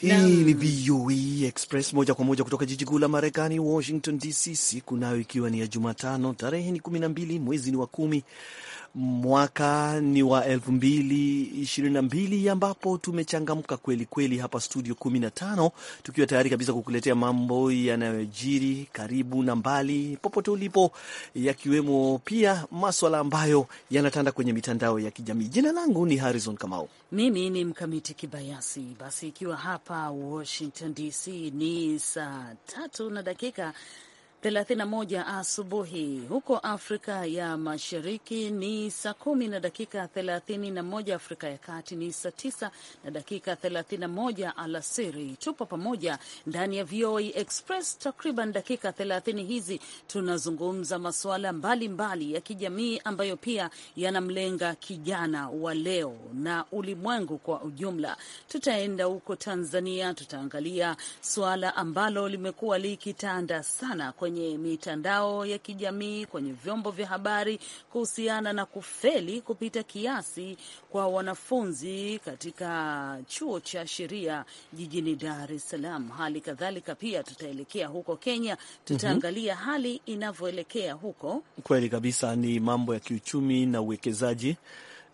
Hii ni VOA e Express moja kwa moja kutoka jiji kuu la Marekani, Washington DC, siku nayo ikiwa ni ya Jumatano, tarehe ni kumi na mbili, mwezi ni wa kumi Mwaka ni wa elfu mbili ishirini na mbili ambapo tumechangamka kweli kweli hapa studio 15 tukiwa tayari kabisa kukuletea mambo yanayojiri karibu na mbali popote ulipo, yakiwemo pia maswala ambayo yanatanda kwenye mitandao ya kijamii. Jina langu ni Harrison Kamau, mimi ni mkamiti kibayasi. Basi ikiwa hapa Washington DC ni saa tatu na dakika 31 asubuhi huko Afrika ya Mashariki ni saa kumi na dakika 31, Afrika ya Kati ni saa 9 na dakika 31 alasiri. Tupo pamoja ndani ya VOA Express takriban dakika 30 hizi, tunazungumza masuala mbalimbali ya kijamii ambayo pia yanamlenga kijana wa leo na ulimwengu kwa ujumla. Tutaenda huko Tanzania, tutaangalia suala ambalo limekuwa likitanda sana kwenye kwenye mitandao ya kijamii, kwenye vyombo vya habari kuhusiana na kufeli kupita kiasi kwa wanafunzi katika chuo cha sheria jijini Dar es Salaam. Hali kadhalika pia tutaelekea huko Kenya, tutaangalia mm -hmm. hali inavyoelekea huko. Kweli kabisa, ni mambo ya kiuchumi na uwekezaji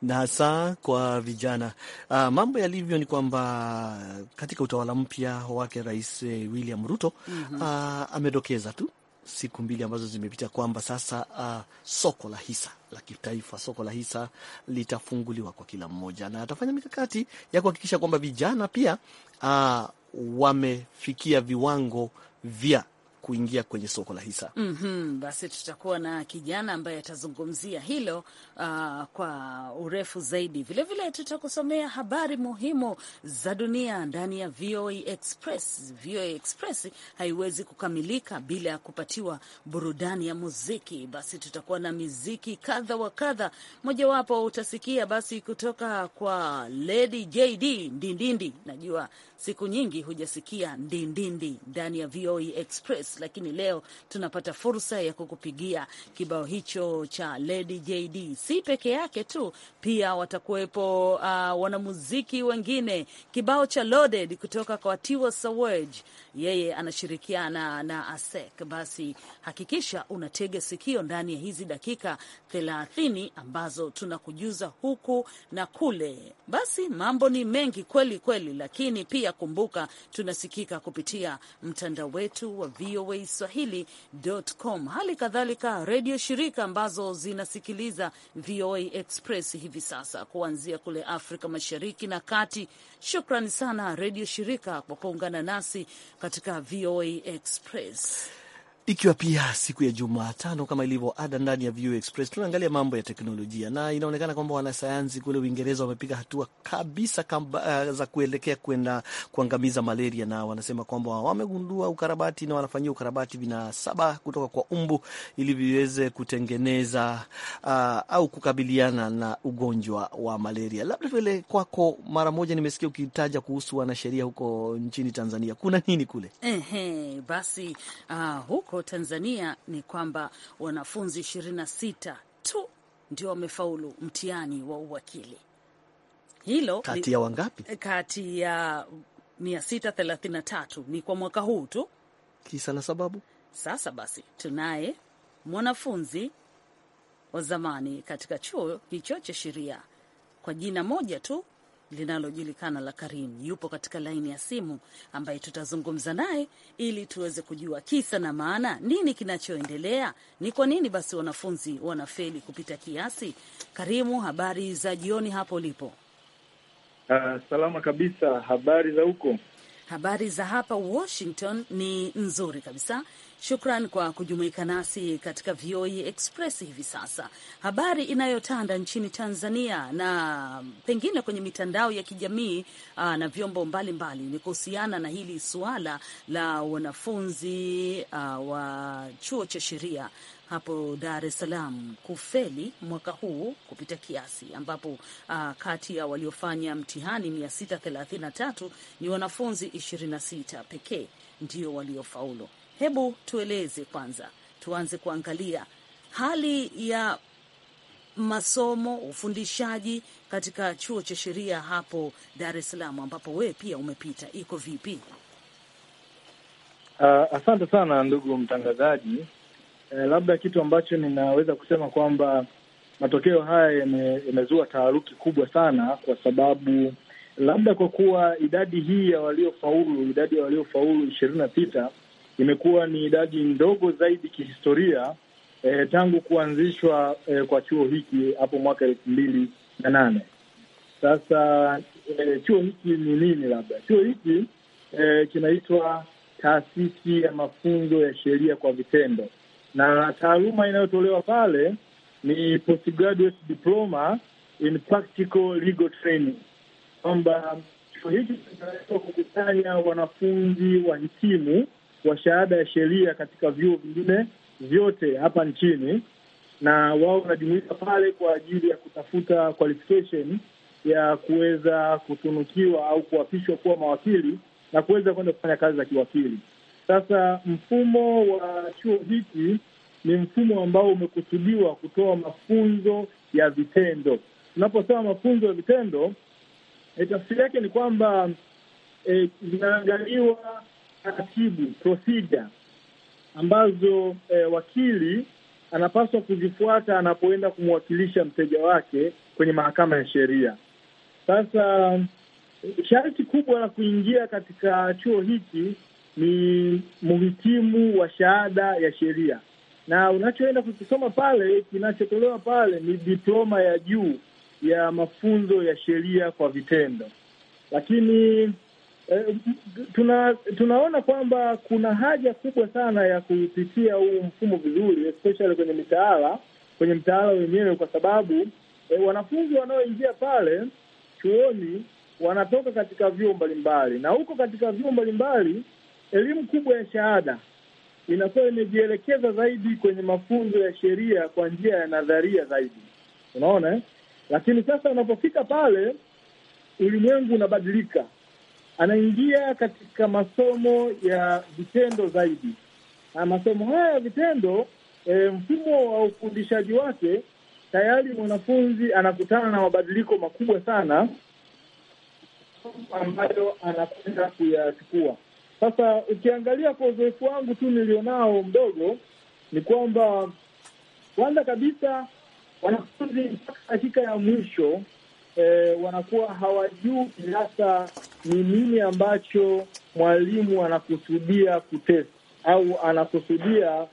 na hasa kwa vijana. Uh, mambo yalivyo ni kwamba katika utawala mpya wake Rais eh, William Ruto mm -hmm. uh, amedokeza tu siku mbili ambazo zimepita kwamba sasa uh, soko la hisa la kitaifa, soko la hisa litafunguliwa kwa kila mmoja, na atafanya mikakati ya kuhakikisha kwamba vijana pia uh, wamefikia viwango vya kuingia kwenye soko la hisa. Mm -hmm. Basi tutakuwa na kijana ambaye atazungumzia hilo uh, kwa urefu zaidi. Vilevile tutakusomea habari muhimu za dunia ndani ya VOA Express. VOA Express haiwezi kukamilika bila ya kupatiwa burudani ya muziki. Basi tutakuwa na miziki kadha wa kadha, mojawapo utasikia basi kutoka kwa Lady JD Ndindindi. Najua siku nyingi hujasikia Ndindindi ndani ya VOA Express lakini leo tunapata fursa ya kukupigia kibao hicho cha Lady JD. Si peke yake tu, pia watakuwepo uh, wanamuziki wengine. Kibao cha Loaded kutoka kwa Tiwa Savage yeye anashirikiana na ASEC, basi hakikisha unatega sikio ndani ya hizi dakika thelathini ambazo tunakujuza huku na kule. Basi mambo ni mengi kweli kweli, lakini pia kumbuka, tunasikika kupitia mtandao wetu wa VOA Swahili.com, hali kadhalika redio shirika ambazo zinasikiliza VOA Express hivi sasa kuanzia kule Afrika Mashariki na Kati. Shukrani sana redio shirika kwa kuungana nasi katika VOA Express ikiwa pia siku ya Jumatano kama ilivyo ada, ndani ya VOA Express tunaangalia mambo ya teknolojia, na inaonekana kwamba wanasayansi kule Uingereza wamepiga hatua kabisa kamba, eh, za kuelekea kwenda kuangamiza malaria, na wanasema kwamba wamegundua ukarabati na wanafanyia ukarabati vinasaba kutoka kwa umbu ili viweze kutengeneza uh, au kukabiliana na ugonjwa wa malaria. Labda vile kwako mara moja, nimesikia ukitaja kuhusu wanasheria huko nchini Tanzania, kuna nini kule? Ehe, basi uh, huko huko Tanzania ni kwamba wanafunzi 26 tu ndio wamefaulu mtihani wa uwakili. Hilo kati ya wangapi? Kati ya 633 ni kwa mwaka huu tu. Kisa na sababu. Sasa basi, tunaye mwanafunzi wa zamani katika chuo hicho cha sheria kwa jina moja tu linalojulikana la Karim. Yupo katika laini ya simu ambaye tutazungumza naye ili tuweze kujua kisa na maana, nini kinachoendelea, ni kwa nini basi wanafunzi wanafeli kupita kiasi. Karimu, habari za jioni hapo ulipo? Uh, salama kabisa. Habari za huko? Habari za hapa Washington ni nzuri kabisa. Shukran kwa kujumuika nasi katika VOA e Express hivi sasa. Habari inayotanda nchini Tanzania na pengine kwenye mitandao ya kijamii aa, ah, na vyombo mbalimbali ni kuhusiana na hili suala la wanafunzi aa, ah, wa chuo cha sheria hapo Dar es Salaam kufeli mwaka huu kupita kiasi, ambapo uh, kati ya waliofanya mtihani 633 ni wanafunzi 26 pekee ndio waliofaulu hebu tueleze kwanza, tuanze kuangalia hali ya masomo, ufundishaji katika chuo cha sheria hapo Dar es Salaam ambapo wewe pia umepita, iko vipi? Uh, asante sana ndugu mtangazaji. Eh, labda kitu ambacho ninaweza kusema kwamba matokeo haya yamezua taharuki kubwa sana, kwa sababu labda kwa kuwa idadi hii ya waliofaulu, idadi ya waliofaulu ishirini na sita imekuwa ni idadi ndogo zaidi kihistoria eh, tangu kuanzishwa eh, kwa chuo hiki hapo mwaka elfu mbili na nane. Sasa eh, chuo hiki ni nini? Labda chuo hiki eh, kinaitwa Taasisi ya Mafunzo ya Sheria kwa Vitendo, na taaluma inayotolewa pale ni postgraduate diploma in practical legal training, kwamba chuo hiki kinaweza kukusanya wanafunzi wa wahitimu wa shahada ya sheria katika vyuo vingine vyote hapa nchini, na wao wanajumuika pale kwa ajili ya kutafuta qualification ya kuweza kutunukiwa au kuapishwa kuwa mawakili na kuweza kwenda kufanya kazi za kiwakili. Sasa mfumo wa chuo hiki ni mfumo ambao umekusudiwa kutoa mafunzo ya vitendo. Tunaposema mafunzo ya vitendo, eh, tafsiri yake ni kwamba e, taratibu procedure ambazo eh, wakili anapaswa kuzifuata anapoenda kumwakilisha mteja wake kwenye mahakama ya sheria. Sasa sharti kubwa la kuingia katika chuo hiki ni muhitimu wa shahada ya sheria, na unachoenda kukisoma pale, kinachotolewa pale ni diploma ya juu ya mafunzo ya sheria kwa vitendo, lakini E, tuna, tunaona kwamba kuna haja kubwa sana ya kupitia huu mfumo vizuri, especially kwenye mitaala, kwenye mtaala wenyewe, kwa sababu e, wanafunzi wanaoingia pale chuoni wanatoka katika vyuo mbalimbali, na huko katika vyuo mbalimbali elimu kubwa ya shahada inakuwa imejielekeza zaidi kwenye mafunzo ya sheria kwa njia ya nadharia zaidi, unaona eh? Lakini sasa unapofika pale, ulimwengu unabadilika anaingia katika masomo ya vitendo zaidi. Na masomo haya ya vitendo e, mfumo wa ufundishaji wake tayari mwanafunzi anakutana na mabadiliko makubwa sana ambayo anakwenda kuyachukua. Sasa ukiangalia kwa uzoefu wangu tu nilionao mdogo, ni kwamba kwanza kabisa wanafunzi mpaka dakika ya mwisho eh, wanakuwa hawajui hasa ni nini ambacho mwalimu anakusudia kutest au anakusudia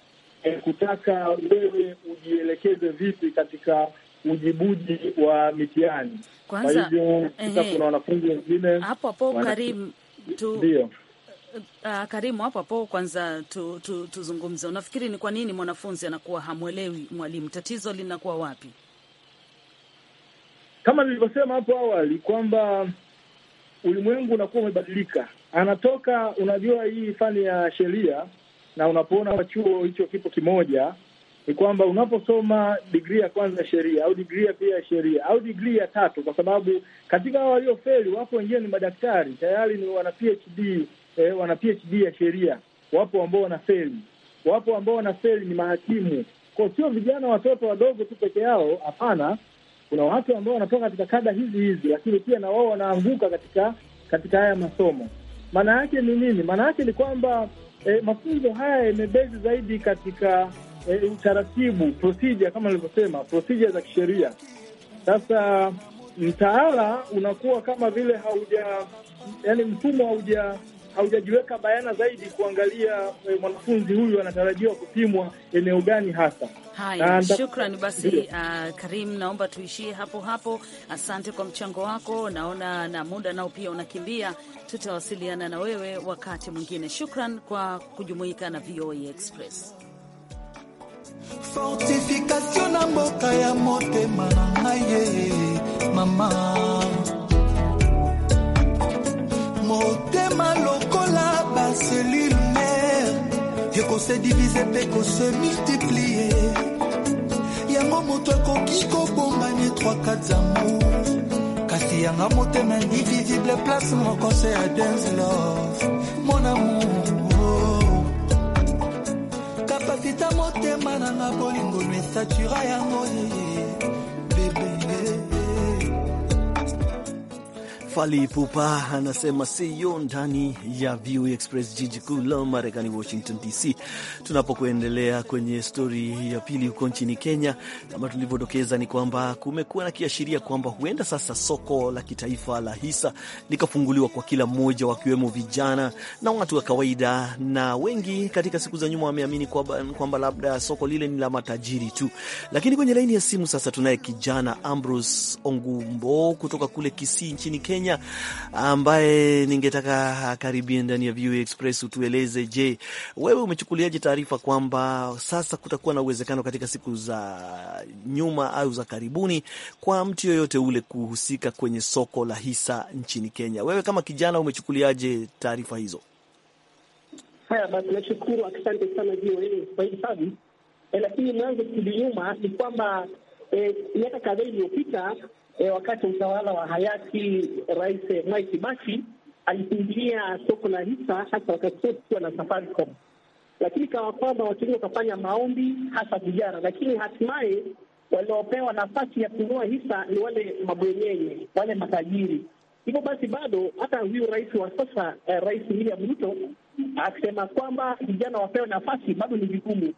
eh, kutaka wewe ujielekeze vipi katika ujibuji wa mitihani. Kwa hivyo sasa kuna wanafunzi wengine hapo hapo karibu tu ndio Uh, Karimu, hapo hapo kwanza tu, tu, tuzungumze. Unafikiri ni kwa nini mwanafunzi anakuwa hamwelewi mwalimu? Tatizo linakuwa wapi? Kama nilivyosema hapo awali kwamba ulimwengu unakuwa umebadilika, anatoka unajua, hii fani ya sheria, na unapoona a chuo hicho kipo kimoja, ni kwamba unaposoma digrii ya kwanza ya sheria au digrii ya pili ya sheria au digrii ya tatu, kwa sababu katika hao waliofeli wapo wengine ni madaktari tayari, ni wana PhD, eh, wana PhD ya sheria, wapo ambao wanafeli, wapo ambao wanafeli ni mahakimu, kwa sio vijana watoto wadogo tu peke yao, hapana kuna watu ambao wanatoka katika kada hizi hizi, lakini pia na wao wanaanguka katika katika haya masomo. Maana yake ni nini? Maana yake ni kwamba e, mafunzo haya yamebezi zaidi katika e, utaratibu procedure, kama nilivyosema, procedure za kisheria. Sasa mtaala unakuwa kama vile hauja, yani mfumo hauja haujajiweka bayana zaidi kuangalia e, mwanafunzi huyu anatarajiwa kupimwa eneo gani hasa. Haya, shukran basi. Uh, Karim, naomba tuishie hapo hapo. Asante kwa mchango wako, naona na muda nao pia unakimbia. Tutawasiliana na wewe wakati mwingine. Shukran kwa kujumuika na VOA Express. na mboka ya motema aye mama motema qu'on se divise mpe kosemultiplie yango moto akoki kobonga ne 34 zamour kasi yanga motema indivisible place moko se ya denslove mon amour kapasita motema nanga bolingo no esatura yango yeye fali pupa anasema siyo ndani ya VOA Express, jiji kuu la Marekani, Washington DC, tunapokuendelea kwenye stori ya pili huko nchini Kenya. Kama tulivyodokeza, ni kwamba kumekuwa na kiashiria kwamba huenda sasa soko la kitaifa la hisa likafunguliwa kwa kila mmoja, wakiwemo vijana na watu wa kawaida, na wengi katika siku za nyuma wameamini kwamba labda soko lile ni la matajiri tu, lakini kwenye laini ya simu sasa tunaye kijana Ambrose Ongumbo kutoka kule Kisii nchini Kenya Kenya ambaye ningetaka karibie ndani ya VOA Express. Utueleze, je, wewe umechukuliaje taarifa kwamba sasa kutakuwa na uwezekano katika siku za nyuma au za karibuni kwa mtu yoyote ule kuhusika kwenye soko la hisa nchini Kenya? Wewe kama kijana umechukuliaje taarifa hizo? Haya basi, nashukuru, asante sana VOA. Eh, lakini mwanzo kidu nyuma ni kwamba eh, miaka kadhaa iliyopita e, wakati utawala wa hayati Rais Mwai Kibaki alipingilia soko la hisa hasa wakati wote kuwa na Safaricom, lakini kama kwamba watu wengi wakafanya maombi, hasa vijana, lakini hatimaye waliopewa nafasi ya kunua hisa ni wale mabwenyenye, wale matajiri. Hivyo basi bado hata huyu rais wa sasa eh, Rais William Ruto akisema kwamba vijana wapewe nafasi bado ni vigumu,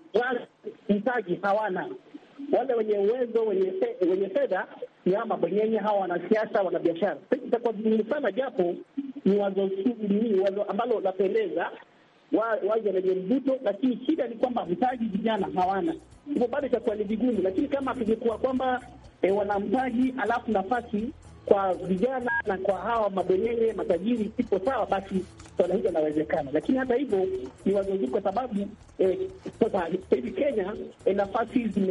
mtaji hawana. Wale wenye uwezo wenye fedha nyama bwenyenye hawa wanasiasa, wanabiashara. Itakuwa vigumu sana, japo ni wazo ni wazo ambalo lapendeza, wazo lenye mvuto, lakini shida ni kwamba mtaji vijana hawana, hivyo bado itakuwa ni vigumu. Lakini kama tungekuwa kwamba e, wana mtaji alafu nafasi kwa vijana na kwa hawa mabwenyenye matajiri ipo sawa, basi swala hilo linawezekana. Lakini hata hivyo ni wazo zuri, kwa sababu Eh, sasa hivi Kenya eh, nafasi hizi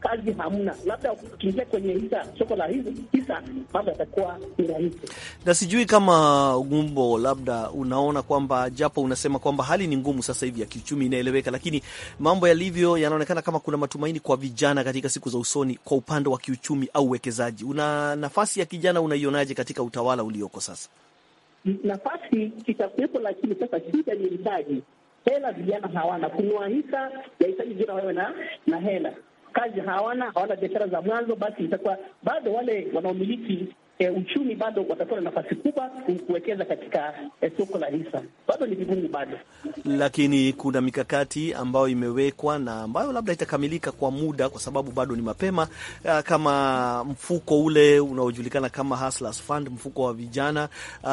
kazi hamna, labda ukiingia kwenye hisa, soko la hisa, mambo yatakuwa ni rahisi. Na sijui kama Gumbo, labda unaona kwamba japo unasema kwamba hali ni ngumu sasa hivi ya kiuchumi inaeleweka, lakini mambo yalivyo yanaonekana kama kuna matumaini kwa vijana katika siku za usoni kwa upande wa kiuchumi au uwekezaji. Una nafasi ya kijana unaionaje katika utawala ulioko sasa? Nafasi itakuwepo, lakini sasa shida ni mtaji hela vijana hawana kunua hisa yahitaji vijana wawe na na hela, kazi hawana, hawana biashara za mwanzo, basi itakuwa bado wale wanaomiliki e, uchumi bado watakuwa na nafasi kubwa kuwekeza katika e, soko la hisa. Bado ni vigumu bado, lakini kuna mikakati ambayo imewekwa na ambayo labda itakamilika kwa muda, kwa sababu bado ni mapema, e, kama mfuko ule unaojulikana kama Hustlers Fund, mfuko wa vijana, e,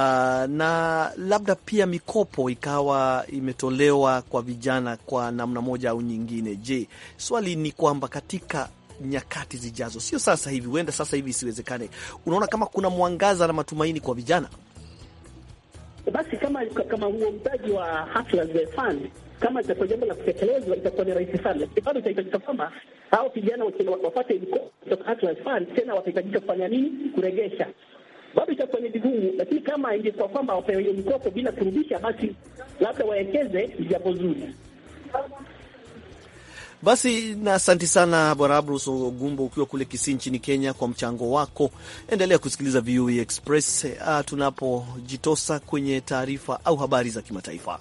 na labda pia mikopo ikawa imetolewa kwa vijana kwa namna moja au nyingine. Je, swali ni kwamba katika nyakati zijazo, sio sasa hivi, huenda sasa hivi isiwezekane. Unaona kama kuna mwangaza na matumaini kwa vijana? Eh, basi kama kama huo mtaji wa hafla fan, kama itakuwa jambo la kutekelezwa itakuwa ni rahisi sana. Bado itahitajika kwamba hao vijana wapate mikopo kutoka za fan, tena watahitajika kufanya nini? Kuregesha. Bado itakuwa ni vigumu, lakini kama ingekuwa kwamba wapewe hiyo mikopo bila kurudisha, basi labda waekeze jambo zuri. Basi na asanti sana Bwana Abrus Ogumbo, ukiwa kule Kisii nchini Kenya, kwa mchango wako. Endelea kusikiliza VOA e Express ah, tunapojitosa kwenye taarifa au habari za kimataifa.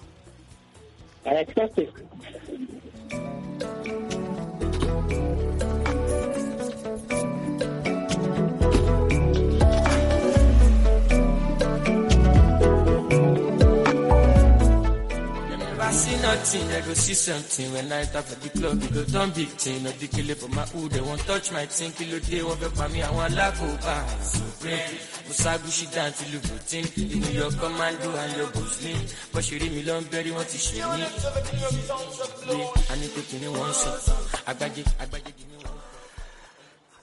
see nothing, I go see something. When I tap at the club, you go done big thing. No the killer for my hood, they won't touch my thing. Kilo day, one back by me, I want lack over. Supreme, Musagushi down to Lubutin. In New York, commando and your Muslim. But she read me long, very want to show me. I need to give me one shot. I beg it, I beg it, give me one.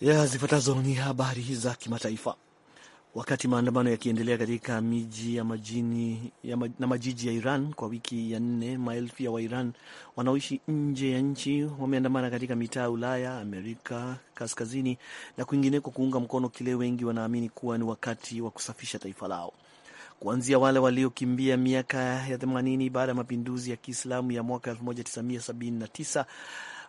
Ya zifuatazo ni habari za kimataifa. Wakati maandamano yakiendelea katika miji ya majini ya maj, na majiji ya Iran kwa wiki ya nne, maelfu ya Wairan wanaoishi nje ya nchi wameandamana katika mitaa ya Ulaya, Amerika Kaskazini na kwingineko kuunga mkono kile wengi wanaamini kuwa ni wakati wa kusafisha taifa lao, kuanzia wale waliokimbia miaka ya themanini baada ya mapinduzi ya Kiislamu ya mwaka tisa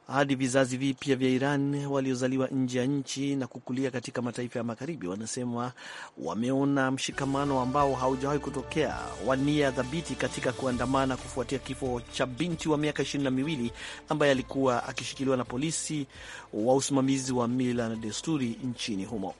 hadi vizazi vipya vya Iran waliozaliwa nje ya nchi na kukulia katika mataifa ya Magharibi wanasema wameona mshikamano ambao haujawahi kutokea wa nia thabiti katika kuandamana kufuatia kifo cha binti wa miaka ishirini na miwili ambaye alikuwa akishikiliwa na polisi wa usimamizi wa mila na desturi nchini humo.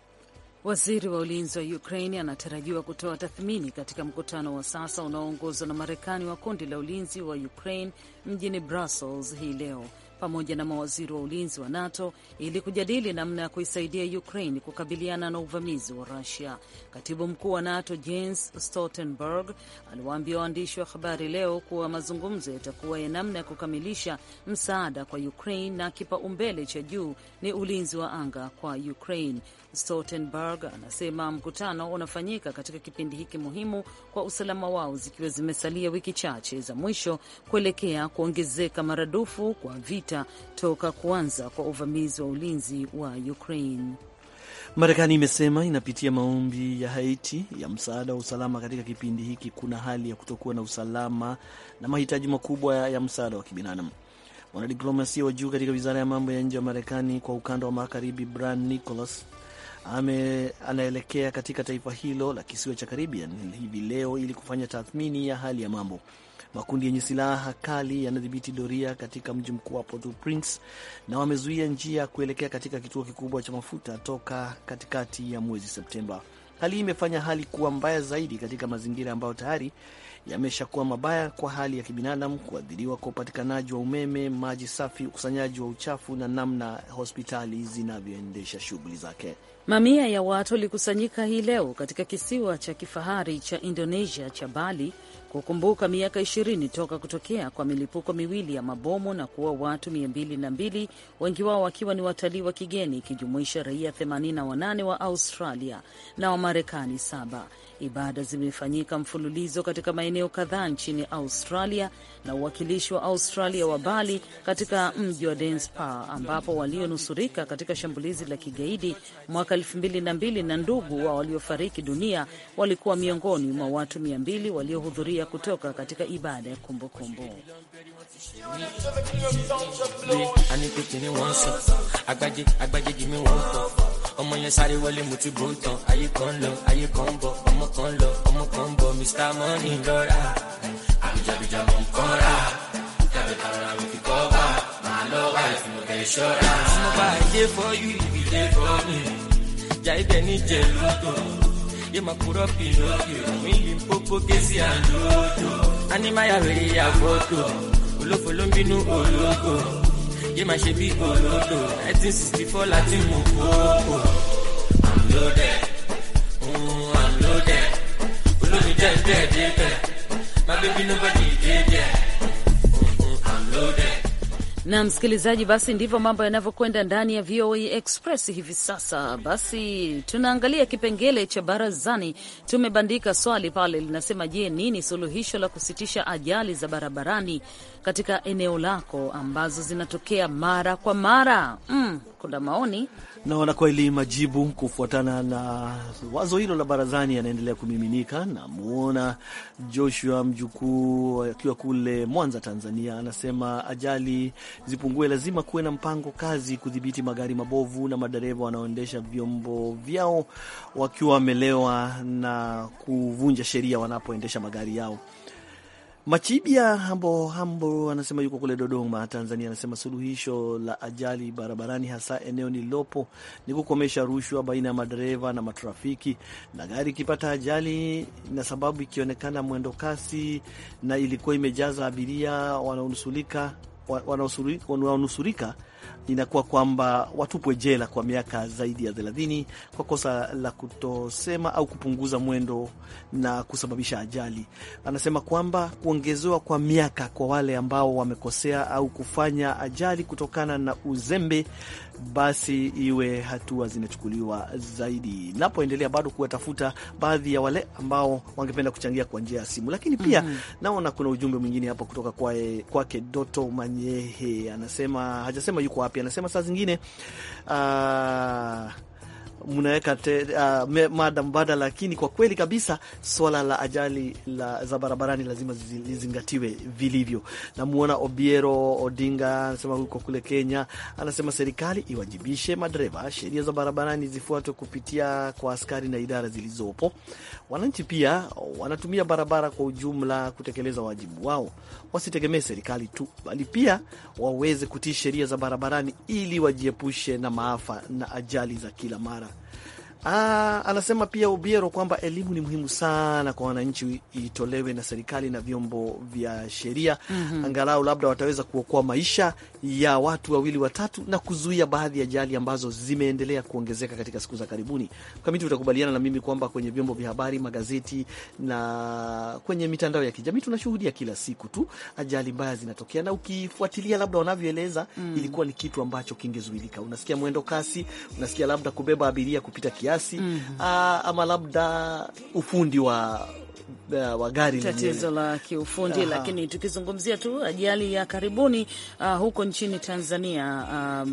Waziri wa ulinzi wa Ukraini anatarajiwa kutoa tathmini katika mkutano wa sasa unaoongozwa na Marekani wa kundi la ulinzi wa Ukraine mjini Brussels hii leo pamoja na mawaziri wa ulinzi wa NATO ili kujadili namna ya kuisaidia Ukraine kukabiliana na uvamizi wa Rusia. Katibu mkuu wa NATO Jens Stoltenberg aliwaambia waandishi wa habari leo kuwa mazungumzo yatakuwa ya namna ya kukamilisha msaada kwa Ukraine na kipaumbele cha juu ni ulinzi wa anga kwa Ukraine. Stoltenberg anasema mkutano unafanyika katika kipindi hiki muhimu kwa usalama wao, zikiwa zimesalia wiki chache za mwisho kuelekea kuongezeka maradufu kwa vita sita toka kuanza kwa uvamizi wa ulinzi wa Ukraine. Marekani imesema inapitia maombi ya Haiti ya msaada wa usalama katika kipindi hiki. Kuna hali ya kutokuwa na usalama na mahitaji makubwa ya msaada wa kibinadamu. Mwanadiplomasia wa juu katika wizara ya mambo ya nje ya Marekani kwa ukanda wa magharibi Bran Nicholas ame, anaelekea katika taifa hilo la kisiwa cha Caribbean hivi leo ili kufanya tathmini ya hali ya mambo. Makundi yenye silaha kali yanadhibiti doria katika mji mkuu wa Port-au-Prince na wamezuia njia kuelekea katika kituo kikubwa cha mafuta toka katikati ya mwezi Septemba. Hali hii imefanya hali kuwa mbaya zaidi katika mazingira ambayo tayari yameshakuwa mabaya kwa hali ya kibinadamu, kuathiriwa kwa upatikanaji wa umeme, maji safi, ukusanyaji wa uchafu na namna hospitali zinavyoendesha shughuli zake. Mamia ya watu walikusanyika hii leo katika kisiwa cha kifahari cha Indonesia cha Bali kukumbuka miaka ishirini toka kutokea kwa milipuko miwili ya mabomu na kuwa watu mbili, wengi wao wakiwa ni watalii wa kigeni, ikijumuisha raia 88 wa Australia na Wamarekani saba. Ibada zimefanyika mfululizo katika maeneo kadhaa nchini Australia na uwakilishi wa Australia wa Bali katika mji wa Denspar, ambapo walionusurika katika shambulizi la kigaidi mwaka 2002 na ndugu wa waliofariki dunia walikuwa miongoni mwa watu mbili waliohudhuria kutoka katika ibada ya kumbukumbu. ọmọ yẹn sáré wọlé mo ti bò tán ayé kan lọ ayé kan bọ ọmọ kan lọ ọmọ kan bọ mr money lọ́ra àbíjàbíjà mọ̀ ń kọ́ra jàbẹ̀tà rà mi fi kọ́ bá màá lọ́wọ́ àìsàn mo kẹ́ ṣọ́ra. mo bá yé fọ́ yú ibi lé fọ́ mi jà ibẹ̀ ní jẹ̀ lóko yé máa kúrọ́ pinokio mi lè pópó kézì àlódò ánímáyà rèé àfọ́tò olófo ló ń bínú olóko. yé máa ṣe bí olódò nineteen sixty four láti mú kókó. I'm loaded, I'm loaded, olómi jẹ́ bẹ́ẹ̀ dé bẹ́ẹ̀, my baby nobody. na msikilizaji, basi ndivyo mambo yanavyokwenda ndani ya VOA Express hivi sasa. Basi tunaangalia kipengele cha barazani, tumebandika swali pale linasema, je, nini suluhisho la kusitisha ajali za barabarani katika eneo lako ambazo zinatokea mara kwa mara? Mm, kuna maoni Naona kweli majibu kufuatana na wazo hilo la barazani yanaendelea kumiminika. Namwona Joshua mjukuu akiwa kule Mwanza, Tanzania, anasema ajali zipungue, lazima kuwe na mpango kazi kudhibiti magari mabovu na madereva wanaoendesha vyombo vyao wakiwa wamelewa na kuvunja sheria wanapoendesha magari yao. Machibia Hambo Hambo anasema yuko kule Dodoma, Tanzania. Anasema suluhisho la ajali barabarani, hasa eneo nililopo, ni kukomesha rushwa baina ya madereva na matrafiki, na gari ikipata ajali na sababu ikionekana mwendo kasi na ilikuwa imejaza abiria wanaonusulika wanaonusurika inakuwa kwamba watupwe jela kwa miaka zaidi ya thelathini kwa kosa la kutosema au kupunguza mwendo na kusababisha ajali. Anasema kwamba kuongezewa kwa miaka kwa wale ambao wamekosea au kufanya ajali kutokana na uzembe basi iwe hatua zinachukuliwa zaidi. Napoendelea bado kuwatafuta baadhi ya wale ambao wangependa kuchangia kwa njia ya simu, lakini pia mm -hmm. naona kuna ujumbe mwingine hapa kutoka kwake kwa Doto Manyehe, anasema hajasema yuko wapi, anasema saa zingine uh, mnaweka uh, ah, mada mbada lakini kwa kweli kabisa swala la ajali la, za barabarani lazima lizingatiwe vilivyo. Namuona Obiero Odinga anasema huko kule Kenya, anasema serikali iwajibishe madereva, sheria za barabarani zifuatwe kupitia kwa askari na idara zilizopo. Wananchi pia wanatumia barabara kwa ujumla kutekeleza wajibu wao, wasitegemee serikali tu, bali pia waweze kutii sheria za barabarani ili wajiepushe na maafa na ajali za kila mara. Aa, ah, anasema pia Ubiero kwamba elimu ni muhimu sana kwa wananchi, itolewe na serikali na vyombo vya sheria mm -hmm. Angalau labda wataweza kuokoa maisha ya watu wawili watatu na kuzuia baadhi ya ajali ambazo zimeendelea kuongezeka katika siku za karibuni. Kamiti, utakubaliana na mimi kwamba kwenye vyombo vya habari, magazeti na kwenye mitandao ya kijamii tunashuhudia kila siku tu ajali mbaya zinatokea, na ukifuatilia labda wanavyoeleza mm -hmm. ilikuwa ni kitu ambacho kingezuilika. Unasikia mwendo kasi, unasikia labda kubeba abiria kupita kiasi kiasi mm -hmm. ama labda ufundi wa uh, wa gari tatizo la kiufundi Aha. Lakini tukizungumzia tu ajali ya karibuni uh, huko nchini Tanzania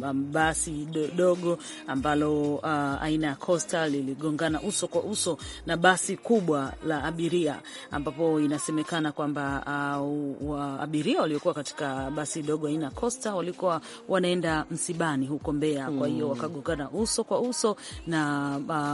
uh, um, basi dogo ambalo uh, aina ya Costa liligongana uso kwa uso na basi kubwa la abiria, ambapo inasemekana kwamba uh, wa abiria waliokuwa katika basi dogo aina ya Costa walikuwa wanaenda msibani huko Mbeya, kwa hiyo hmm. wakagongana uso kwa uso na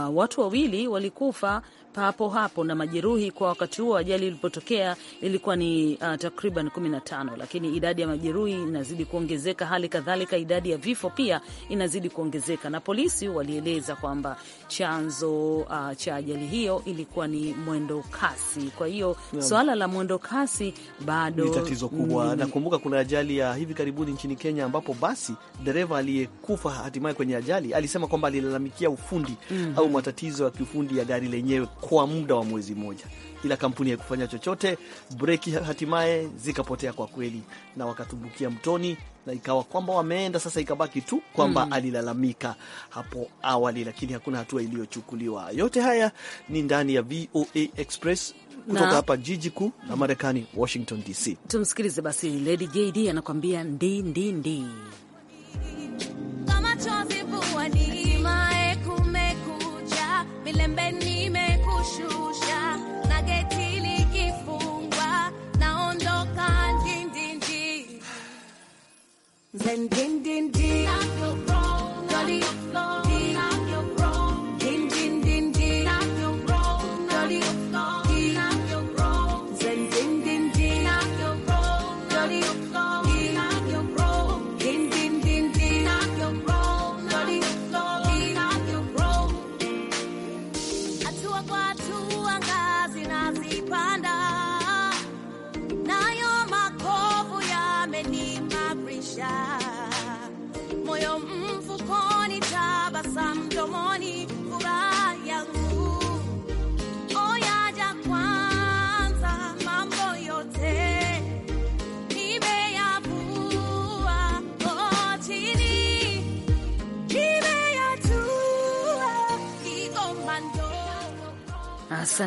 uh, watu wawili walikufa papo hapo na majeruhi kwa wakati huo ajali ilipotokea ilikuwa ni uh, takriban 15, lakini idadi ya majeruhi inazidi kuongezeka. Hali kadhalika idadi ya vifo pia inazidi kuongezeka, na polisi walieleza kwamba chanzo uh, cha ajali hiyo ilikuwa ni mwendo kasi. Kwa hiyo yeah, swala la mwendo kasi bado ni tatizo kubwa. Mm. Nakumbuka kuna ajali ya hivi karibuni nchini Kenya ambapo basi dereva aliyekufa hatimaye kwenye ajali alisema kwamba alilalamikia ufundi mm -hmm, au matatizo ya kiufundi ya gari lenyewe kwa muda wa mwezi mmoja bila kampuni ya kufanya chochote, breki hatimaye zikapotea kwa kweli, na wakatumbukia mtoni na ikawa kwamba wameenda sasa, ikabaki tu kwamba mm, alilalamika hapo awali, lakini hakuna hatua iliyochukuliwa. Yote haya ni ndani ya VOA Express kutoka hapa jiji kuu la Marekani, Washington DC. Tumsikilize basi Lady JD anakuambia ndi ndi ndi kama chozi puani, kumekuja milembeni Zen din din din. I feel wrong.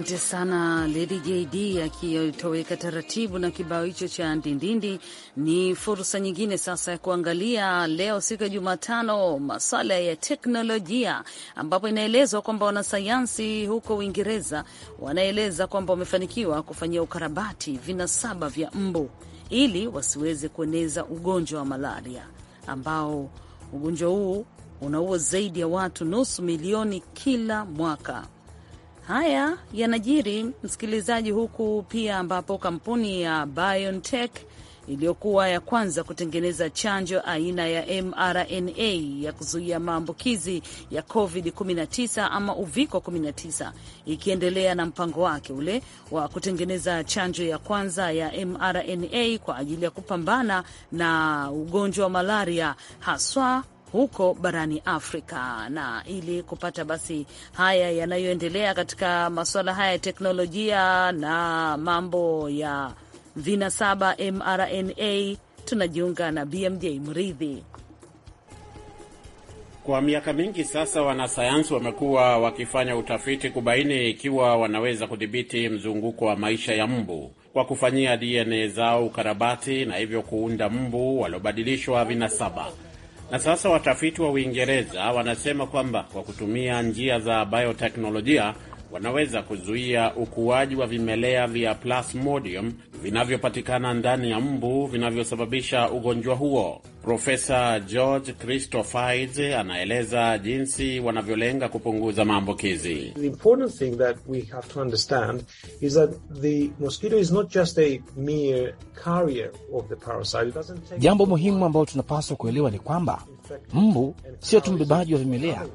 Asante sana Lady JD akitoweka taratibu na kibao hicho cha Ndindindi. Ni fursa nyingine sasa ya kuangalia leo, siku ya Jumatano, maswala ya teknolojia, ambapo inaelezwa kwamba wanasayansi huko Uingereza wanaeleza kwamba wamefanikiwa kufanyia ukarabati vinasaba vya mbu ili wasiweze kueneza ugonjwa wa malaria ambao ugonjwa huu unaua zaidi ya watu nusu milioni kila mwaka. Haya yanajiri msikilizaji, huku pia ambapo kampuni ya BioNTech iliyokuwa ya kwanza kutengeneza chanjo aina ya mRNA ya kuzuia maambukizi ya COVID-19 ama uviko 19, ikiendelea na mpango wake ule wa kutengeneza chanjo ya kwanza ya mRNA kwa ajili ya kupambana na ugonjwa wa malaria haswa huko barani Afrika. Na ili kupata basi haya yanayoendelea katika masuala haya ya teknolojia na mambo ya vinasaba mRNA, tunajiunga na BMJ Mridhi. Kwa miaka mingi sasa wanasayansi wamekuwa wakifanya utafiti kubaini ikiwa wanaweza kudhibiti mzunguko wa maisha ya mbu kwa kufanyia DNA zao ukarabati na hivyo kuunda mbu waliobadilishwa vinasaba. Na sasa watafiti wa Uingereza wanasema kwamba kwa kutumia njia za bioteknolojia wanaweza kuzuia ukuaji wa vimelea vya plasmodium vinavyopatikana ndani ya mbu vinavyosababisha ugonjwa huo. Profesa George Christophides anaeleza jinsi wanavyolenga kupunguza maambukizi. Jambo muhimu ambalo tunapaswa kuelewa ni kwamba mbu sio tu mbebaji wa vimelea,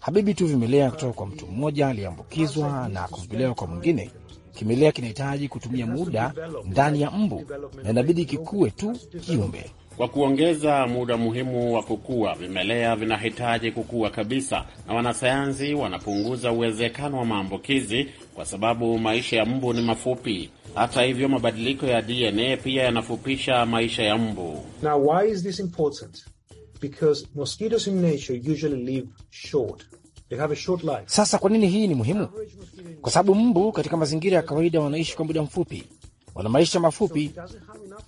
habibi tu vimelea kutoka kwa mtu mmoja aliyeambukizwa na kuvipilewa kwa mwingine. Kimelea kinahitaji kutumia muda ndani ya mbu na inabidi kikuwe tu kiumbe kwa kuongeza muda muhimu wa kukua, vimelea vinahitaji kukua kabisa, na wanasayansi wanapunguza uwezekano wa maambukizi kwa sababu maisha ya mbu ni mafupi. Hata hivyo, mabadiliko ya DNA pia yanafupisha maisha ya mbu. Now why is this important? Because mosquitoes in nature usually live short. They have a short life. Sasa kwa nini hii ni muhimu? Kwa sababu mbu katika mazingira ya kawaida wanaishi kwa muda mfupi, wana maisha mafupi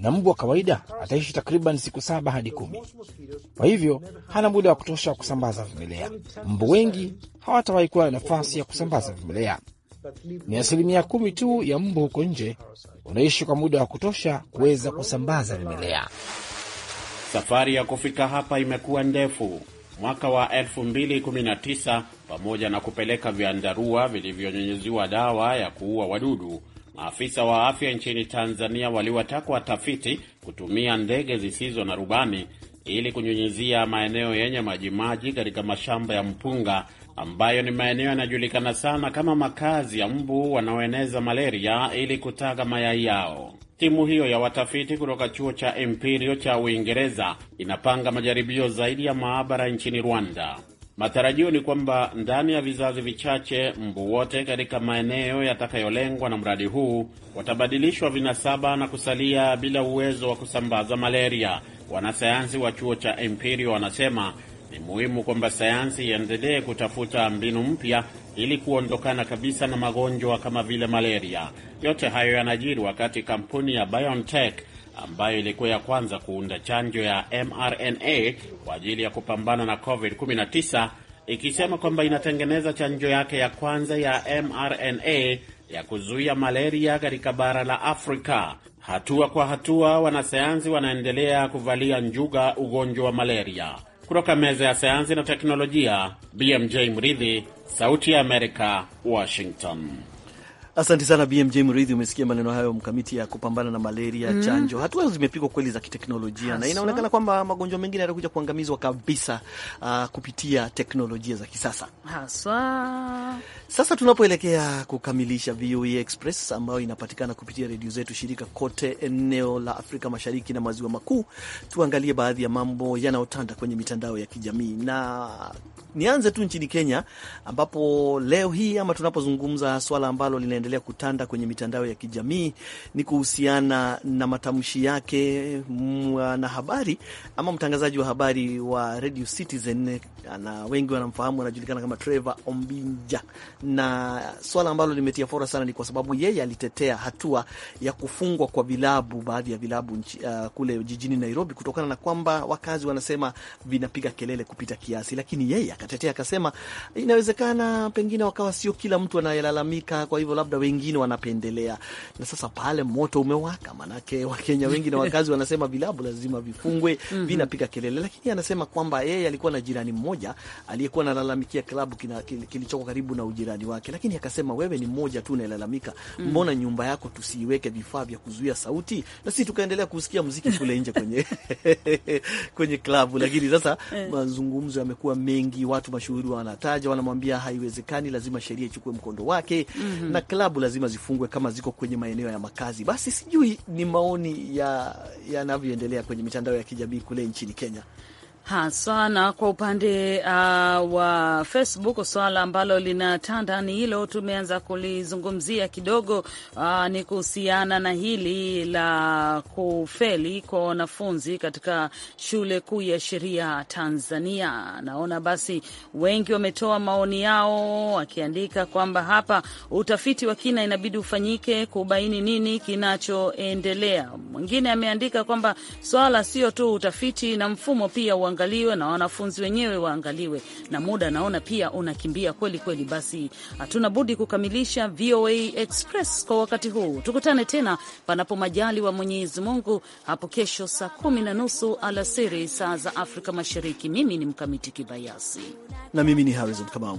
na mbu wa kawaida ataishi takriban siku saba hadi kumi. Kwa hivyo hana muda wa kutosha wa kusambaza vimelea. Mbu wengi hawatawahi kuwa na nafasi ya kusambaza vimelea. Ni asilimia kumi tu ya mbu huko nje unaishi kwa muda wa kutosha kuweza kusambaza vimelea. Safari ya kufika hapa imekuwa ndefu. Mwaka wa 2019 pamoja na kupeleka vyandarua vilivyonyunyiziwa dawa ya kuua wadudu Maafisa wa afya nchini Tanzania waliwataka watafiti kutumia ndege zisizo na rubani ili kunyunyizia maeneo yenye majimaji katika mashamba ya mpunga ambayo ni maeneo yanayojulikana sana kama makazi ya mbu wanaoeneza malaria ili kutaga mayai yao. Timu hiyo ya watafiti kutoka chuo cha Imperial cha Uingereza inapanga majaribio zaidi ya maabara nchini Rwanda. Matarajio ni kwamba ndani ya vizazi vichache mbu wote katika maeneo yatakayolengwa na mradi huu watabadilishwa vinasaba na kusalia bila uwezo wa kusambaza malaria. Wanasayansi wa chuo cha Imperial wanasema ni muhimu kwamba sayansi iendelee kutafuta mbinu mpya ili kuondokana kabisa na magonjwa kama vile malaria. Yote hayo yanajiri wakati kampuni ya BioNTech ambayo ilikuwa ya kwanza kuunda chanjo ya mRNA kwa ajili ya kupambana na COVID-19 ikisema kwamba inatengeneza chanjo yake ya kwanza ya mRNA ya kuzuia malaria katika bara la Afrika. Hatua kwa hatua, wanasayansi wanaendelea kuvalia njuga ugonjwa wa malaria. Kutoka meza ya sayansi na teknolojia, BMJ Mridhi, Sauti ya Amerika, Washington. Asante sana BMJ Mridhi, umesikia maneno hayo mkamiti ya kupambana na malaria mm. Chanjo hatua zimepigwa kweli za kiteknolojia na inaonekana kwamba magonjwa mengine yatakuja kuangamizwa kabisa, uh, kupitia teknolojia za kisasa haswa. Sasa tunapoelekea kukamilisha VOA e Express ambayo inapatikana kupitia redio zetu shirika kote eneo la Afrika Mashariki na Maziwa Makuu, tuangalie baadhi ya mambo yanayotanda kwenye mitandao ya kijamii na nianze tu nchini Kenya ambapo leo hii ama tunapozungumza swala ambalo linaendelea yanaendelea kutanda kwenye mitandao ya kijamii ni kuhusiana na matamshi yake mwanahabari ama mtangazaji wa habari wa Radio Citizen, na wengi wanamfahamu, anajulikana kama Trevor Ombinja, na swala ambalo limetia fora sana ni kwa sababu yeye alitetea hatua ya kufungwa kwa vilabu, baadhi ya vilabu uh, kule jijini Nairobi kutokana na kwamba wakazi wanasema vinapiga kelele kupita kiasi, lakini yeye akatetea akasema, inawezekana pengine wakawa sio kila mtu anayelalamika, kwa hivyo labda labda wengine wanapendelea. Na sasa pale moto umewaka, manake Wakenya wengi na wakazi wanasema vilabu lazima vifungwe, mm -hmm. vinapiga kelele, lakini anasema kwamba yeye alikuwa na jirani mmoja aliyekuwa analalamikia klabu kilichoko karibu na ujirani wake, lakini akasema, wewe ni mmoja tu unalalamika, mm. mbona nyumba yako tusiiweke vifaa vya kuzuia sauti na sisi tukaendelea kusikia muziki kule nje kwenye kwenye klabu. Lakini sasa eh. mazungumzo yamekuwa mengi, watu mashuhuri wanataja, wanamwambia haiwezekani, lazima sheria ichukue mkondo wake mm -hmm. na klabu lazima zifungwe kama ziko kwenye maeneo ya makazi. Basi sijui ni maoni yanavyoendelea ya kwenye mitandao ya kijamii kule nchini Kenya haswa na kwa upande uh, wa Facebook, swala ambalo linatanda ni hilo, tumeanza kulizungumzia kidogo. Uh, ni kuhusiana na hili la kufeli kwa wanafunzi katika shule kuu ya sheria Tanzania. Naona basi wengi wametoa maoni yao wakiandika kwamba hapa utafiti wa kina inabidi ufanyike kubaini nini kinachoendelea. Mwingine ameandika kwamba swala sio tu utafiti na mfumo pia waangaliwe na wanafunzi wenyewe waangaliwe, na muda naona pia unakimbia kweli kweli. Basi hatuna budi kukamilisha VOA Express kwa wakati huu. Tukutane tena panapo majali wa Mwenyezi Mungu hapo kesho saa kumi na nusu alasiri saa za Afrika Mashariki. Mimi ni Mkamiti Kibayasi na mimi ni Harrison Kamau.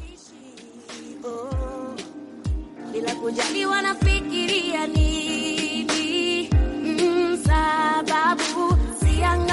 Bila kujali wanafikiria nini, mm, sababu siang